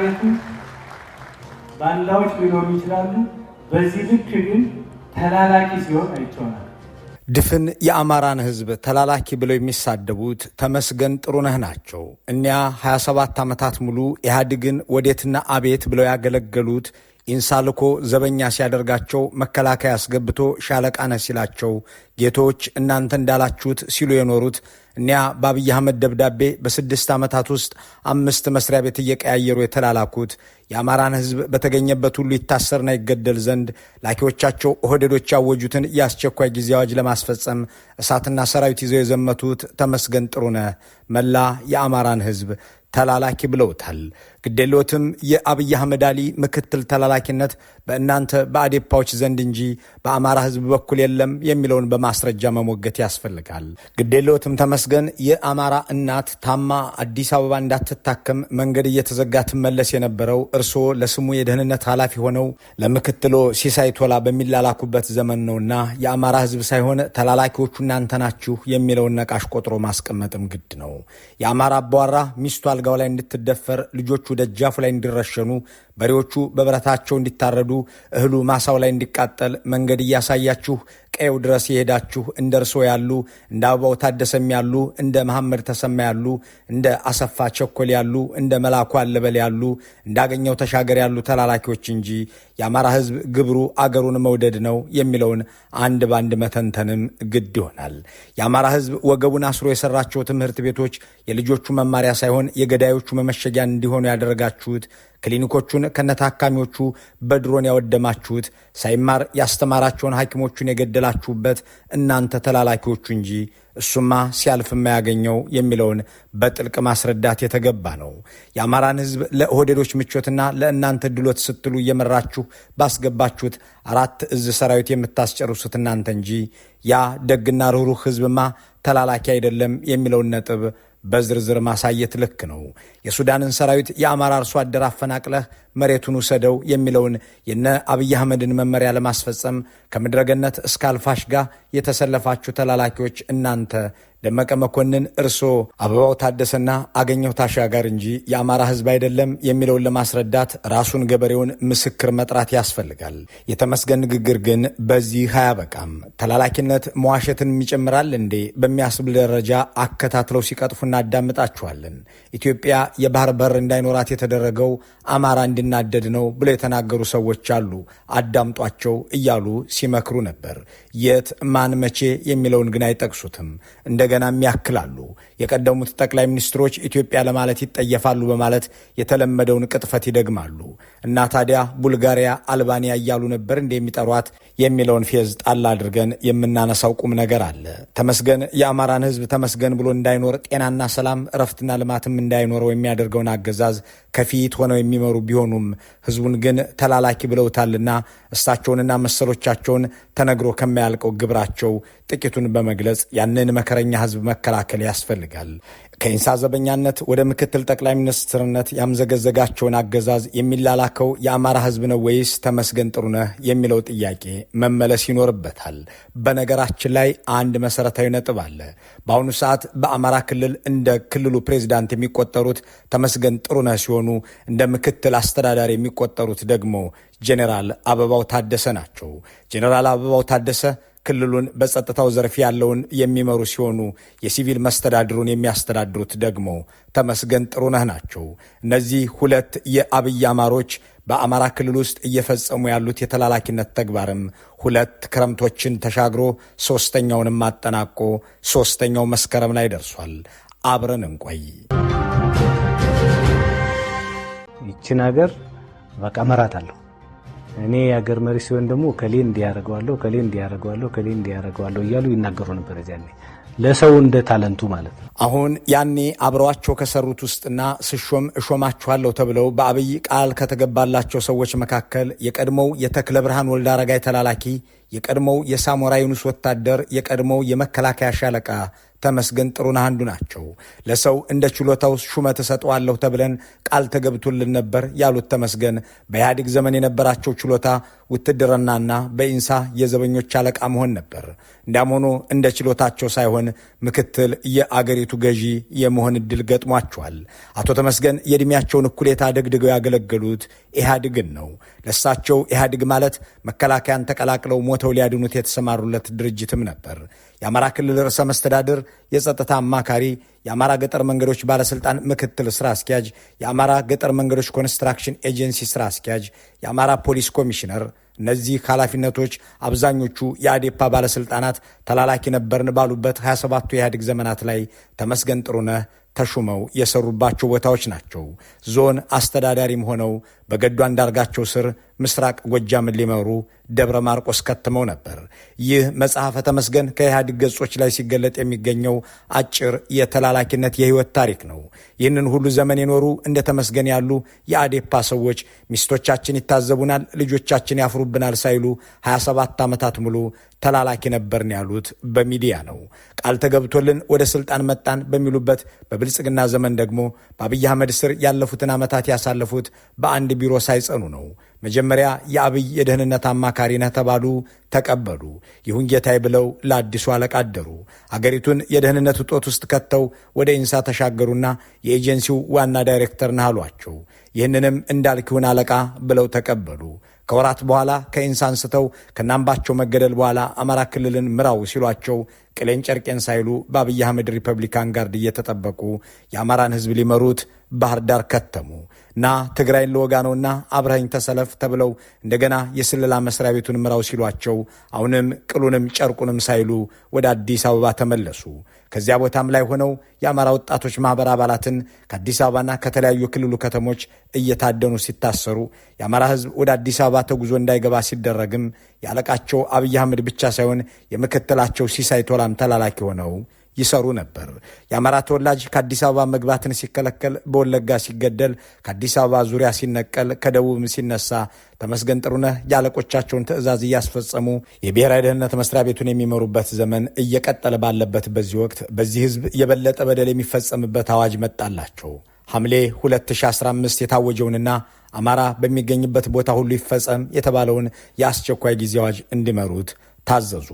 ቤቱ ባንዳዎች ሊኖሩ ይችላሉ። በዚህ ልክ ግን ተላላኪ ሲሆን አይቸውናል። ድፍን የአማራን ሕዝብ ተላላኪ ብለው የሚሳደቡት ተመስገን ጥሩነህ ናቸው። እኒያ 27 ዓመታት ሙሉ ኢህአዲግን ወዴትና አቤት ብለው ያገለገሉት ኢንሳልኮ ዘበኛ ሲያደርጋቸው መከላከያ አስገብቶ ሻለቃ ነህ ሲላቸው ጌቶች እናንተ እንዳላችሁት ሲሉ የኖሩት እኒያ በአብይ አህመድ ደብዳቤ በስድስት ዓመታት ውስጥ አምስት መስሪያ ቤት እየቀያየሩ የተላላኩት የአማራን ሕዝብ በተገኘበት ሁሉ ይታሰርና ይገደል ዘንድ ላኪዎቻቸው ኦህዴዶች ያወጁትን የአስቸኳይ ጊዜ አዋጅ ለማስፈጸም እሳትና ሰራዊት ይዘው የዘመቱት ተመስገን ጥሩነህ መላ የአማራን ሕዝብ ተላላኪ ብለውታል። ግዴሎትም የአብይ አህመድ አሊ ምክትል ተላላኪነት በእናንተ በአዴፓዎች ዘንድ እንጂ በአማራ ህዝብ በኩል የለም የሚለውን በማስረጃ መሞገት ያስፈልጋል። ግዴሎትም ተመስገን የአማራ እናት ታማ አዲስ አበባ እንዳትታከም መንገድ እየተዘጋ ትመለስ የነበረው እርስዎ ለስሙ የደህንነት ኃላፊ ሆነው ለምክትሎ ሲሳይ ቶላ በሚላላኩበት ዘመን ነውና የአማራ ህዝብ ሳይሆን ተላላኪዎቹ እናንተ ናችሁ የሚለውን ነቃሽ ቆጥሮ ማስቀመጥም ግድ ነው። የአማራ አባወራ ሚስቱ አልጋው ላይ እንድትደፈር ልጆቹ ደጃፍ ላይ እንዲረሸኑ በሬዎቹ በብረታቸው እንዲታረዱ፣ እህሉ ማሳው ላይ እንዲቃጠል መንገድ እያሳያችሁ ቀየው ድረስ የሄዳችሁ እንደ እርሶ ያሉ እንደ አበባው ታደሰም ያሉ እንደ መሐመድ ተሰማ ያሉ እንደ አሰፋ ቸኮል ያሉ እንደ መላኩ አለበል ያሉ እንዳገኘው ተሻገር ያሉ ተላላኪዎች እንጂ የአማራ ሕዝብ ግብሩ አገሩን መውደድ ነው የሚለውን አንድ በአንድ መተንተንም ግድ ይሆናል። የአማራ ሕዝብ ወገቡን አስሮ የሰራቸው ትምህርት ቤቶች የልጆቹ መማሪያ ሳይሆን የገዳዮቹ መመሸጊያን እንዲሆኑ ያደረጋችሁት ክሊኒኮቹን ከነታካሚዎቹ በድሮን ያወደማችሁት፣ ሳይማር ያስተማራቸውን ሐኪሞቹን የገደላችሁበት እናንተ ተላላኪዎቹ እንጂ እሱማ ሲያልፍ የማያገኘው የሚለውን በጥልቅ ማስረዳት የተገባ ነው። የአማራን ሕዝብ ለኦህዴዶች ምቾትና ለእናንተ ድሎት ስትሉ እየመራችሁ ባስገባችሁት አራት እዝ ሰራዊት የምታስጨርሱት እናንተ እንጂ ያ ደግና ርኅሩህ ሕዝብማ ተላላኪ አይደለም የሚለውን ነጥብ በዝርዝር ማሳየት ልክ ነው። የሱዳንን ሰራዊት የአማራ አርሶ አደር አፈናቅለህ መሬቱን ውሰደው የሚለውን የነ አብይ አህመድን መመሪያ ለማስፈጸም ከምድረገነት እስከ አልፋሽ ጋር የተሰለፋችሁ ተላላኪዎች እናንተ ደመቀ መኮንን እርሶ አበባው ታደሰና አገኘው ታሻጋር እንጂ የአማራ ሕዝብ አይደለም የሚለውን ለማስረዳት ራሱን ገበሬውን ምስክር መጥራት ያስፈልጋል። የተመስገን ንግግር ግን በዚህ አያበቃም። ተላላኪነት መዋሸትን ይጨምራል እንዴ በሚያስብል ደረጃ አከታትለው ሲቀጥፉ እናዳምጣችኋለን። ኢትዮጵያ የባህር በር እንዳይኖራት የተደረገው አማራ እንድናደድ ነው ብለው የተናገሩ ሰዎች አሉ። አዳምጧቸው እያሉ ሲመክሩ ነበር። የት ማን መቼ የሚለውን ግን አይጠቅሱትም። እንደ እንደገና የሚያክላሉ የቀደሙት ጠቅላይ ሚኒስትሮች ኢትዮጵያ ለማለት ይጠየፋሉ በማለት የተለመደውን ቅጥፈት ይደግማሉ እና ታዲያ ቡልጋሪያ፣ አልባኒያ እያሉ ነበር እንደሚጠሯት የሚለውን ፌዝ ጣል አድርገን የምናነሳው ቁም ነገር አለ። ተመስገን የአማራን ሕዝብ ተመስገን ብሎ እንዳይኖር ጤናና ሰላም እረፍትና ልማትም እንዳይኖረው የሚያደርገውን አገዛዝ ከፊት ሆነው የሚመሩ ቢሆኑም ሕዝቡን ግን ተላላኪ ብለውታልና እሳቸውንና መሰሎቻቸውን ተነግሮ ከማያልቀው ግብራቸው ጥቂቱን በመግለጽ ያንን መከረኛ ሕዝብ መከላከል ያስፈልጋል። ያደርጋል። ከኢንሳ ዘበኛነት ወደ ምክትል ጠቅላይ ሚኒስትርነት ያምዘገዘጋቸውን አገዛዝ የሚላላከው የአማራ ህዝብ ነው ወይስ ተመስገን ጥሩነህ የሚለው ጥያቄ መመለስ ይኖርበታል። በነገራችን ላይ አንድ መሰረታዊ ነጥብ አለ። በአሁኑ ሰዓት በአማራ ክልል እንደ ክልሉ ፕሬዚዳንት የሚቆጠሩት ተመስገን ጥሩነህ ሲሆኑ እንደ ምክትል አስተዳዳሪ የሚቆጠሩት ደግሞ ጄኔራል አበባው ታደሰ ናቸው። ጄኔራል አበባው ታደሰ ክልሉን በጸጥታው ዘርፍ ያለውን የሚመሩ ሲሆኑ የሲቪል መስተዳድሩን የሚያስተዳድሩት ደግሞ ተመስገን ጥሩነህ ናቸው። እነዚህ ሁለት የአብይ አማሮች በአማራ ክልል ውስጥ እየፈጸሙ ያሉት የተላላኪነት ተግባርም ሁለት ክረምቶችን ተሻግሮ ሶስተኛውን አጠናቆ ሶስተኛው መስከረም ላይ ደርሷል። አብረን እንቆይ። ይችን ሀገር በቃ መራት አለሁ እኔ የሀገር መሪ ሲሆን ደግሞ ከሌ እንዲያደርገዋለሁ ከሌ እንዲያደርገዋለሁ ከሌ እንዲያደርገዋለሁ እያሉ ይናገሩ ነበር። ያኔ ለሰው እንደ ታለንቱ ማለት ነው። አሁን ያኔ አብረዋቸው ከሰሩት ውስጥና ስሾም እሾማችኋለሁ ተብለው በአብይ ቃል ከተገባላቸው ሰዎች መካከል የቀድሞው የተክለ ብርሃን ወልደ አረጋይ ተላላኪ፣ የቀድሞው የሳሞራ ዩኑስ ወታደር፣ የቀድሞው የመከላከያ ሻለቃ ተመስገን ጥሩነህ አንዱ ናቸው። ለሰው እንደ ችሎታው ሹመት እሰጠዋለሁ ተብለን ቃል ተገብቶልን ነበር ያሉት ተመስገን በኢህአዴግ ዘመን የነበራቸው ችሎታ ውትድርናና በኢንሳ የዘበኞች አለቃ መሆን ነበር። እንዲያም ሆኖ እንደ ችሎታቸው ሳይሆን ምክትል የአገሪቱ ገዢ የመሆን እድል ገጥሟቸዋል። አቶ ተመስገን የዕድሜያቸውን እኩሌታ ደግድገው ያገለገሉት ኢህአዴግን ነው። ለሳቸው ኢህአዴግ ማለት መከላከያን ተቀላቅለው ሞተው ሊያድኑት የተሰማሩለት ድርጅትም ነበር። የአማራ ክልል ርዕሰ መስተዳድር የጸጥታ አማካሪ የአማራ ገጠር መንገዶች ባለስልጣን ምክትል ስራ አስኪያጅ፣ የአማራ ገጠር መንገዶች ኮንስትራክሽን ኤጀንሲ ስራ አስኪያጅ፣ የአማራ ፖሊስ ኮሚሽነር እነዚህ ኃላፊነቶች አብዛኞቹ የአዴፓ ባለስልጣናት ተላላኪ ነበርን ባሉበት 27ቱ የኢህአዴግ ዘመናት ላይ ተመስገን ጥሩነህ ተሹመው የሰሩባቸው ቦታዎች ናቸው። ዞን አስተዳዳሪም ሆነው በገዱ አንዳርጋቸው ስር ምስራቅ ጎጃምን ሊመሩ ደብረ ማርቆስ ከትመው ነበር። ይህ መጽሐፈ ተመስገን ከኢህአዲግ ገጾች ላይ ሲገለጥ የሚገኘው አጭር የተላላኪነት የህይወት ታሪክ ነው። ይህንን ሁሉ ዘመን የኖሩ እንደ ተመስገን ያሉ የአዴፓ ሰዎች ሚስቶቻችን ይታዘቡናል፣ ልጆቻችን ያፍሩብናል ሳይሉ 27 ዓመታት ሙሉ ተላላኪ ነበርን ያሉት በሚዲያ ነው። ቃል ተገብቶልን ወደ ስልጣን መጣን በሚሉበት በብልጽግና ዘመን ደግሞ በአብይ አህመድ ስር ያለፉትን ዓመታት ያሳለፉት በአንድ ቢሮ ሳይጸኑ ነው። መጀመሪያ የአብይ የደህንነት አማካሪ ነህ ተባሉ፣ ተቀበሉ። ይሁን ጌታዬ ብለው ለአዲሱ አለቃ አደሩ። አገሪቱን የደህንነት እጦት ውስጥ ከተው ወደ ኢንሳ ተሻገሩና የኤጀንሲው ዋና ዳይሬክተር ነህ አሏቸው። ይህንንም እንዳልክ አለቃ ብለው ተቀበሉ። ከወራት በኋላ ከኢንሳ አንስተው ከናምባቸው መገደል በኋላ አማራ ክልልን ምራው ሲሏቸው ቅሌን ጨርቄን ሳይሉ በአብይ አህመድ ሪፐብሊካን ጋርድ እየተጠበቁ የአማራን ህዝብ ሊመሩት ባህር ዳር ከተሙ እና ትግራይን ልወጋ ነውና አብረኸኝ ተሰለፍ ተብለው እንደገና የስለላ መስሪያ ቤቱን ምራው ሲሏቸው አሁንም ቅሉንም ጨርቁንም ሳይሉ ወደ አዲስ አበባ ተመለሱ። ከዚያ ቦታም ላይ ሆነው የአማራ ወጣቶች ማህበር አባላትን ከአዲስ አበባና ከተለያዩ ክልሉ ከተሞች እየታደኑ ሲታሰሩ የአማራ ህዝብ ወደ አዲስ አበባ ተጉዞ እንዳይገባ ሲደረግም የአለቃቸው አብይ አህመድ ብቻ ሳይሆን የምክትላቸው ሲሳይ ቶላም ተላላኪ ሆነው ይሰሩ ነበር። የአማራ ተወላጅ ከአዲስ አበባ መግባትን ሲከለከል፣ በወለጋ ሲገደል፣ ከአዲስ አበባ ዙሪያ ሲነቀል፣ ከደቡብም ሲነሳ ተመስገን ጥሩነህ የአለቆቻቸውን ትዕዛዝ እያስፈጸሙ የብሔራዊ ደህንነት መስሪያ ቤቱን የሚመሩበት ዘመን እየቀጠለ ባለበት በዚህ ወቅት በዚህ ህዝብ የበለጠ በደል የሚፈጸምበት አዋጅ መጣላቸው። ሐምሌ 2015 የታወጀውንና አማራ በሚገኝበት ቦታ ሁሉ ይፈጸም የተባለውን የአስቸኳይ ጊዜ አዋጅ እንዲመሩት ታዘዙ።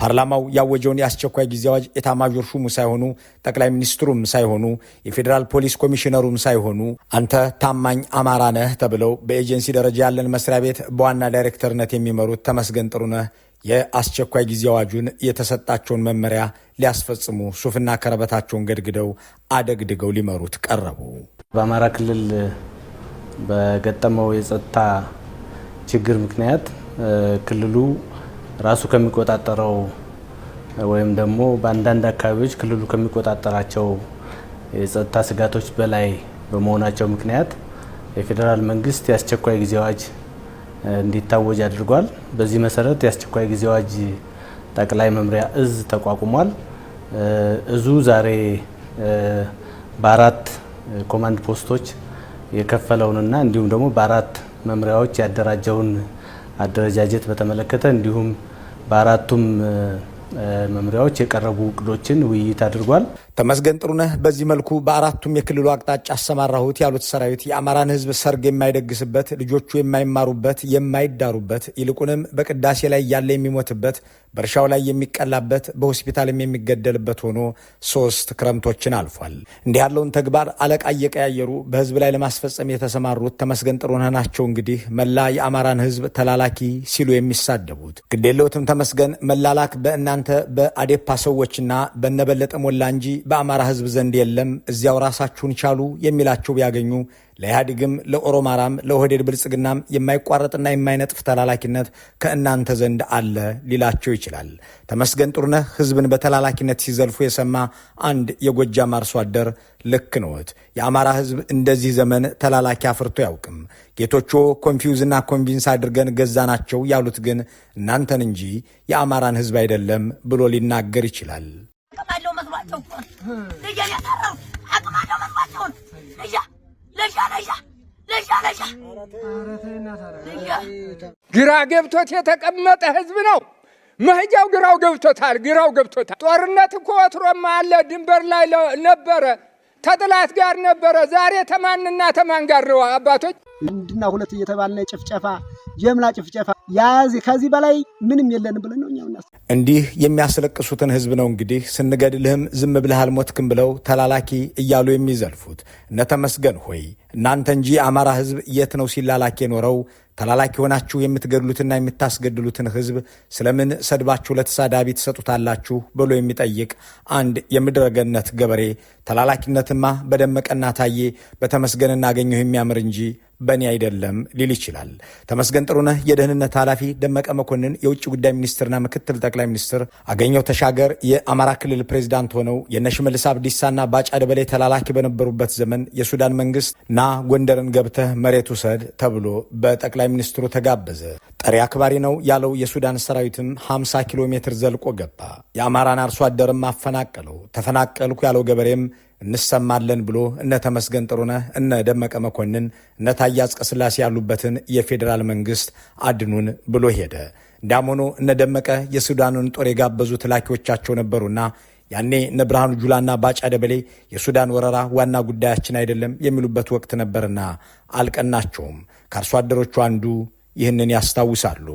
ፓርላማው ያወጀውን የአስቸኳይ ጊዜ አዋጅ ኤታማዦር ሹሙ ሳይሆኑ ጠቅላይ ሚኒስትሩም ሳይሆኑ የፌዴራል ፖሊስ ኮሚሽነሩም ሳይሆኑ አንተ ታማኝ አማራ ነህ ተብለው በኤጀንሲ ደረጃ ያለን መስሪያ ቤት በዋና ዳይሬክተርነት የሚመሩት ተመስገን ጥሩነህ የአስቸኳይ ጊዜ አዋጁን የተሰጣቸውን መመሪያ ሊያስፈጽሙ ሱፍና ከረበታቸውን ገድግደው አደግድገው ሊመሩት ቀረቡ። በአማራ ክልል በገጠመው የጸጥታ ችግር ምክንያት ክልሉ ራሱ ከሚቆጣጠረው ወይም ደግሞ በአንዳንድ አካባቢዎች ክልሉ ከሚቆጣጠራቸው የጸጥታ ስጋቶች በላይ በመሆናቸው ምክንያት የፌዴራል መንግስት የአስቸኳይ ጊዜ አዋጅ እንዲታወጅ አድርጓል። በዚህ መሰረት የአስቸኳይ ጊዜ አዋጅ ጠቅላይ መምሪያ እዝ ተቋቁሟል። እዙ ዛሬ በአራት ኮማንድ ፖስቶች የከፈለውንና እንዲሁም ደግሞ በአራት መምሪያዎች ያደራጀውን አደረጃጀት በተመለከተ እንዲሁም በአራቱም መምሪያዎች የቀረቡ እቅዶችን ውይይት አድርጓል። ተመስገን ጥሩነህ በዚህ መልኩ በአራቱም የክልሉ አቅጣጫ አሰማራሁት ያሉት ሰራዊት የአማራን ሕዝብ ሰርግ የማይደግስበት፣ ልጆቹ የማይማሩበት፣ የማይዳሩበት፣ ይልቁንም በቅዳሴ ላይ ያለ የሚሞትበት፣ በእርሻው ላይ የሚቀላበት፣ በሆስፒታልም የሚገደልበት ሆኖ ሶስት ክረምቶችን አልፏል። እንዲህ ያለውን ተግባር አለቃ እየቀያየሩ በህዝብ ላይ ለማስፈጸም የተሰማሩት ተመስገን ጥሩነህ ናቸው። እንግዲህ መላ የአማራን ሕዝብ ተላላኪ ሲሉ የሚሳደቡት ግዴለውትም ተመስገን መላላክ በእናንተ እናንተ በአዴፓ ሰዎችና በነበለጠ ሞላ እንጂ በአማራ ህዝብ ዘንድ የለም፣ እዚያው ራሳችሁን ቻሉ የሚላቸው ቢያገኙ ለኢህአዴግም ለኦሮማራም ለኦህዴድ ብልጽግናም የማይቋረጥና የማይነጥፍ ተላላኪነት ከእናንተ ዘንድ አለ ሊላቸው ይችላል። ተመስገን ጥሩነህ ህዝብን በተላላኪነት ሲዘልፉ የሰማ አንድ የጎጃም አርሶ አደር ልክ ነዎት። የአማራ ህዝብ እንደዚህ ዘመን ተላላኪ አፍርቶ ያውቅም። ጌቶቹ ኮንፊውዝና ኮንቪንስ አድርገን ገዛ ናቸው ያሉት ግን እናንተን እንጂ የአማራን ህዝብ አይደለም ብሎ ሊናገር ይችላል። መግባቸው ግራ ገብቶት የተቀመጠ ህዝብ ነው። መህጃው ግራው ገብቶታል። ግራው ገብቶታል። ጦርነት እኮ ወትሮማ አለ። ድንበር ላይ ነበረ፣ ተጥላት ጋር ነበረ። ዛሬ ተማንና ተማን ጋር ነው። አባቶች አንድና ሁለት እየተባልነ ጭፍጨፋ፣ ጀምላ ጭፍጨፋ ከዚህ በላይ ምንም የለን ብለን ነው እኛ እንዲህ የሚያስለቅሱትን ህዝብ ነው እንግዲህ ስንገድልህም ዝም ብለህ አልሞትክም ብለው ተላላኪ እያሉ የሚዘልፉት እነ ተመስገን ሆይ እናንተ እንጂ አማራ ህዝብ የት ነው ሲላላኪ የኖረው? ተላላኪ ሆናችሁ የምትገድሉትና የምታስገድሉትን ህዝብ ስለምን ሰድባችሁ ለተሳዳቢ ትሰጡታላችሁ ብሎ የሚጠይቅ አንድ የምድረገነት ገበሬ ተላላኪነትማ በደመቀና ታዬ በተመስገን እናገኘሁ የሚያምር እንጂ በእኔ አይደለም ሊል ይችላል። ተመስገን ጥሩነህ የደህንነት ኃላፊ፣ ደመቀ መኮንን የውጭ ጉዳይ ሚኒስትርና ምክትል ጠቅላይ ሚኒስትር፣ አገኘው ተሻገር የአማራ ክልል ፕሬዚዳንት ሆነው የነሽመልስ አብዲሳና ባጫ ደበሌ ተላላኪ በነበሩበት ዘመን የሱዳን መንግስት ና ጎንደርን ገብተህ መሬት ውሰድ ተብሎ በጠቅላይ ሚኒስትሩ ተጋበዘ። ጠሪ አክባሪ ነው ያለው የሱዳን ሰራዊትም 50 ኪሎ ሜትር ዘልቆ ገባ። የአማራን አርሶ አደርም አፈናቀለው። ተፈናቀልኩ ያለው ገበሬም እንሰማለን ብሎ እነ ተመስገን ጥሩነህ፣ እነ ደመቀ መኮንን፣ እነ ታዬ አጽቀሥላሴ ያሉበትን የፌዴራል መንግስት አድኑን ብሎ ሄደ። እንዲያም ሆኖ እነ ደመቀ የሱዳኑን ጦር የጋበዙ ትላኪዎቻቸው ነበሩና ያኔ እነ ብርሃኑ ጁላና ባጫ ደበሌ የሱዳን ወረራ ዋና ጉዳያችን አይደለም የሚሉበት ወቅት ነበርና አልቀናቸውም። ከአርሶ አደሮቹ አንዱ ይህንን ያስታውሳሉ።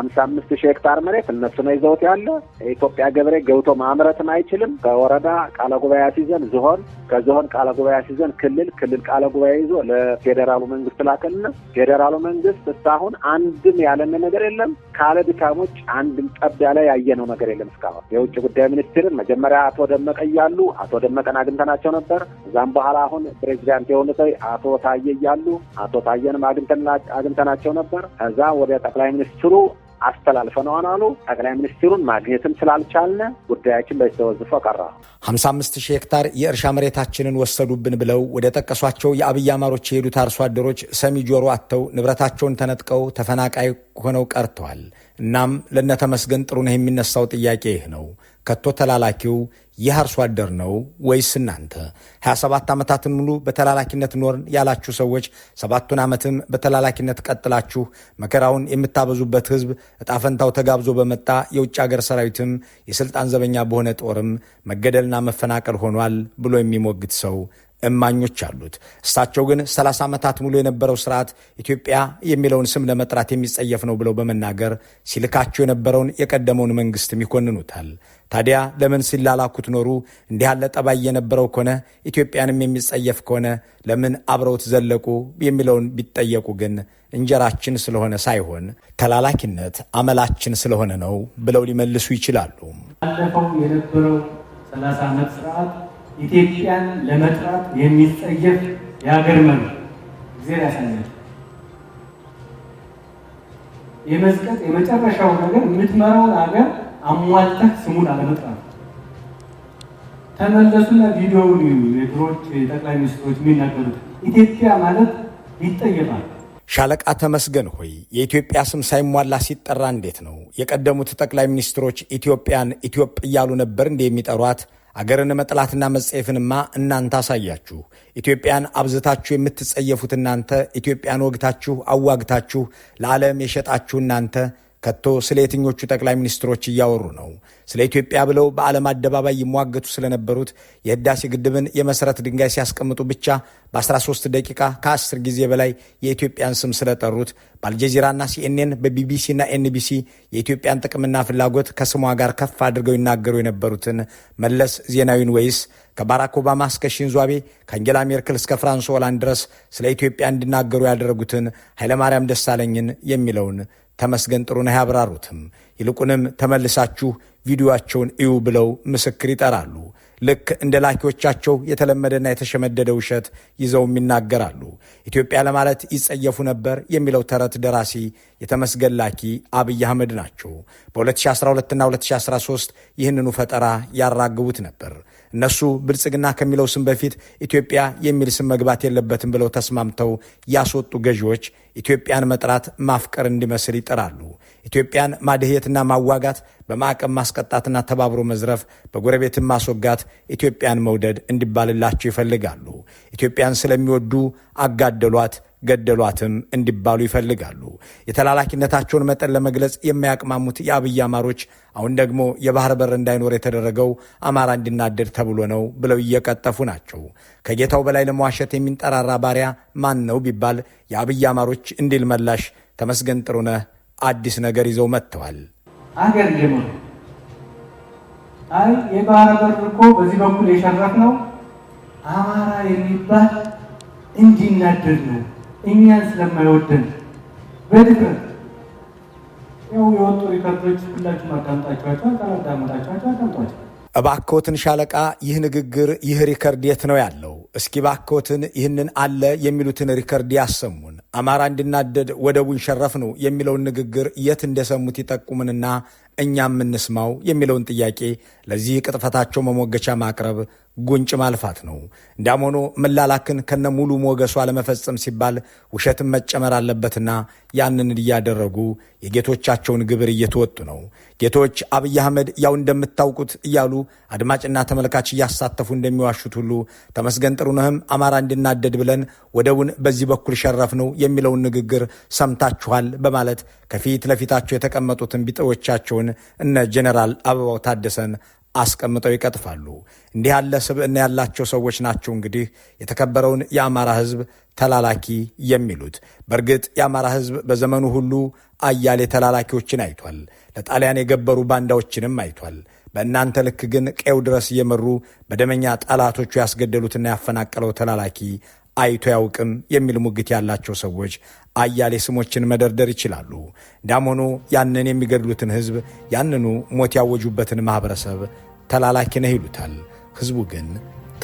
አምሳ አምስት ሺህ ሄክታር መሬት እነሱ ነው ይዘውት ያለ። የኢትዮጵያ ገበሬ ገብቶ ማምረትም አይችልም። ከወረዳ ቃለ ጉባኤ ሲዘን ዝሆን ከዝሆን ቃለ ጉባኤ ሲዘን ክልል ክልል ቃለ ጉባኤ ይዞ ለፌዴራሉ መንግስት ላከልና ፌዴራሉ መንግስት እስካሁን አንድም ያለን ነገር የለም። ካለ ድካሞች አንድም ጠብ ያለ ያየነው ነገር የለም እስካሁን። የውጭ ጉዳይ ሚኒስትርን መጀመሪያ አቶ ደመቀ እያሉ አቶ ደመቀን አግኝተናቸው ነበር። ከዛም በኋላ አሁን ፕሬዚዳንት የሆኑ ሰው አቶ ታዬ እያሉ አቶ ታዬንም አግኝተናቸው ነበር። ከዛ ወደ ጠቅላይ ሚኒስትሩ አስተላልፈነዋል አሉ። ጠቅላይ ሚኒስትሩን ማግኘትም ስላልቻለ ጉዳያችን በተወዝፎ ቀረ። 55 ሺህ ሄክታር የእርሻ መሬታችንን ወሰዱብን ብለው ወደ ጠቀሷቸው የአብይ አማሮች የሄዱት አርሶ አደሮች ሰሚ ጆሮ አጥተው ንብረታቸውን ተነጥቀው ተፈናቃይ ሆነው ቀርተዋል። እናም ለነተመስገን ነህ የሚነሳው ጥያቄ ይህ ነው። ከቶ ተላላኪው ይህ አርሶ አደር ነው ወይስ እናንተ? 27 ዓመታትን ሙሉ በተላላኪነት ኖርን ያላችሁ ሰዎች ሰባቱን ዓመትም በተላላኪነት ቀጥላችሁ መከራውን የምታበዙበት ህዝብ እጣፈንታው ተጋብዞ በመጣ የውጭ አገር ሰራዊትም የስልጣን ዘበኛ በሆነ ጦርም መገደልና መፈናቀል ሆኗል ብሎ የሚሞግት ሰው እማኞች አሉት። እሳቸው ግን 30 ዓመታት ሙሉ የነበረው ስርዓት ኢትዮጵያ የሚለውን ስም ለመጥራት የሚጸየፍ ነው ብለው በመናገር ሲልካቸው የነበረውን የቀደመውን መንግስትም ይኮንኑታል። ታዲያ ለምን ሲላላኩት ኖሩ? እንዲህ ያለ ጠባይ የነበረው ከሆነ ኢትዮጵያንም የሚጸየፍ ከሆነ ለምን አብረውት ዘለቁ የሚለውን ቢጠየቁ ግን እንጀራችን ስለሆነ ሳይሆን ተላላኪነት አመላችን ስለሆነ ነው ብለው ሊመልሱ ይችላሉ። አለፈው የነበረው 30 ዓመት ስርዓት ኢትዮጵያን ለመጥራት የሚጸየፍ የሀገር መሪ እግዚአብሔር ያሳያል። የመዝቀጥ የመጨረሻው ነገር የምትመራውን ሀገር አሟልተህ ስሙን አለመጥራት። ተመለሱና ቪዲዮውን የድሮች ጠቅላይ ሚኒስትሮች የሚናገሩት ኢትዮጵያ ማለት ይጠየፋል። ሻለቃ ተመስገን ሆይ የኢትዮጵያ ስም ሳይሟላ ሲጠራ እንዴት ነው የቀደሙት ጠቅላይ ሚኒስትሮች ኢትዮጵያን ኢትዮጵ እያሉ ነበር እንደ የሚጠሯት አገርን መጥላትና መጸየፍንማ እናንተ አሳያችሁ። ኢትዮጵያን አብዝታችሁ የምትጸየፉት እናንተ፣ ኢትዮጵያን ወግታችሁ አዋግታችሁ ለዓለም የሸጣችሁ እናንተ ከቶ ስለ የትኞቹ ጠቅላይ ሚኒስትሮች እያወሩ ነው? ስለ ኢትዮጵያ ብለው በዓለም አደባባይ ይሟገቱ ስለነበሩት የህዳሴ ግድብን የመሰረት ድንጋይ ሲያስቀምጡ ብቻ በ13 ደቂቃ ከ10 ጊዜ በላይ የኢትዮጵያን ስም ስለጠሩት በአልጀዚራና ሲኤንኤን በቢቢሲና ኤንቢሲ የኢትዮጵያን ጥቅምና ፍላጎት ከስሟ ጋር ከፍ አድርገው ይናገሩ የነበሩትን መለስ ዜናዊን ወይስ ከባራክ ኦባማ እስከ ሺንዞ አቤ ከአንጌላ ሜርክል እስከ ፍራንስ ኦላንድ ድረስ ስለ ኢትዮጵያ እንዲናገሩ ያደረጉትን ኃይለማርያም ደሳለኝን የሚለውን ተመስገን ጥሩነህ ያብራሩትም ይልቁንም ተመልሳችሁ ቪዲዮአቸውን እዩ ብለው ምስክር ይጠራሉ። ልክ እንደ ላኪዎቻቸው የተለመደና የተሸመደደ ውሸት ይዘውም ይናገራሉ። ኢትዮጵያ ለማለት ይጸየፉ ነበር የሚለው ተረት ደራሲ የተመስገን ላኪ አብይ አህመድ ናቸው። በ2012ና 2013 ይህንኑ ፈጠራ ያራግቡት ነበር። እነሱ ብልጽግና ከሚለው ስም በፊት ኢትዮጵያ የሚል ስም መግባት የለበትም ብለው ተስማምተው ያስወጡ ገዢዎች ኢትዮጵያን መጥራት ማፍቀር እንዲመስል ይጥራሉ። ኢትዮጵያን ማድህየትና ማዋጋት፣ በማዕቀብ ማስቀጣትና ተባብሮ መዝረፍ፣ በጎረቤትን ማስወጋት ኢትዮጵያን መውደድ እንዲባልላቸው ይፈልጋሉ። ኢትዮጵያን ስለሚወዱ አጋደሏት ገደሏትም እንዲባሉ ይፈልጋሉ። የተላላኪነታቸውን መጠን ለመግለጽ የሚያቅማሙት የአብይ አማሮች አሁን ደግሞ የባህር በር እንዳይኖር የተደረገው አማራ እንዲናደድ ተብሎ ነው ብለው እየቀጠፉ ናቸው። ከጌታው በላይ ለመዋሸት የሚንጠራራ ባሪያ ማን ነው ቢባል የአብይ አማሮች እንዲል መላሽ ተመስገን ጥሩነህ አዲስ ነገር ይዘው መጥተዋል። አገር ጀምሩ። አይ የባህር በር እኮ በዚህ በኩል የሸረፍ ነው አማራ የሚባል እንዲናደድ ነው እኛን ስለማይወደን በድፍረት ያው የወጡ ሪከርዶች ካላዳመጣችኋቸው አዳምጧቸው። እባክዎትን ሻለቃ፣ ይህ ንግግር ይህ ሪከርድ የት ነው ያለው? እስኪ እባክዎትን ይህንን አለ የሚሉትን ሪከርድ ያሰሙን። አማራ እንዲናደድ ወደቡን ሸረፍኑ የሚለውን ንግግር የት እንደሰሙት ይጠቁምንና እኛም እንስማው የሚለውን ጥያቄ ለዚህ ቅጥፈታቸው መሞገቻ ማቅረብ ጉንጭ ማልፋት ነው። እንዳም ሆኖ መላላክን ከነ ሙሉ ሞገሷ ለመፈጸም ሲባል ውሸትም መጨመር አለበትና ያንን እያደረጉ የጌቶቻቸውን ግብር እየተወጡ ነው። ጌቶች አብይ አህመድ ያው እንደምታውቁት እያሉ አድማጭና ተመልካች እያሳተፉ እንደሚዋሹት ሁሉ ተመስገን ጥሩነህም አማራ እንድናደድ ብለን ወደቡን በዚህ በኩል ሸረፍ ነው የሚለውን ንግግር ሰምታችኋል በማለት ከፊት ለፊታቸው የተቀመጡትን ቢጠዎቻቸውን እነ ጀኔራል አበባው ታደሰን አስቀምጠው ይቀጥፋሉ። እንዲህ ያለ ስብዕና ያላቸው ሰዎች ናቸው እንግዲህ የተከበረውን የአማራ ሕዝብ ተላላኪ የሚሉት። በእርግጥ የአማራ ሕዝብ በዘመኑ ሁሉ አያሌ ተላላኪዎችን አይቷል። ለጣሊያን የገበሩ ባንዳዎችንም አይቷል። በእናንተ ልክ ግን ቀው ድረስ እየመሩ በደመኛ ጠላቶቹ ያስገደሉትና ያፈናቀለው ተላላኪ አይቶ ያውቅም የሚል ሙግት ያላቸው ሰዎች አያሌ ስሞችን መደርደር ይችላሉ። እንዳም ሆኖ ያንን የሚገድሉትን ሕዝብ ያንኑ ሞት ያወጁበትን ማኅበረሰብ ተላላኪ ነህ ይሉታል። ሕዝቡ ግን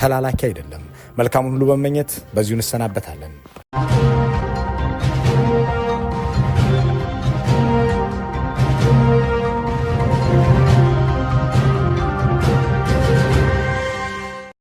ተላላኪ አይደለም። መልካሙን ሁሉ በመመኘት በዚሁ እንሰናበታለን።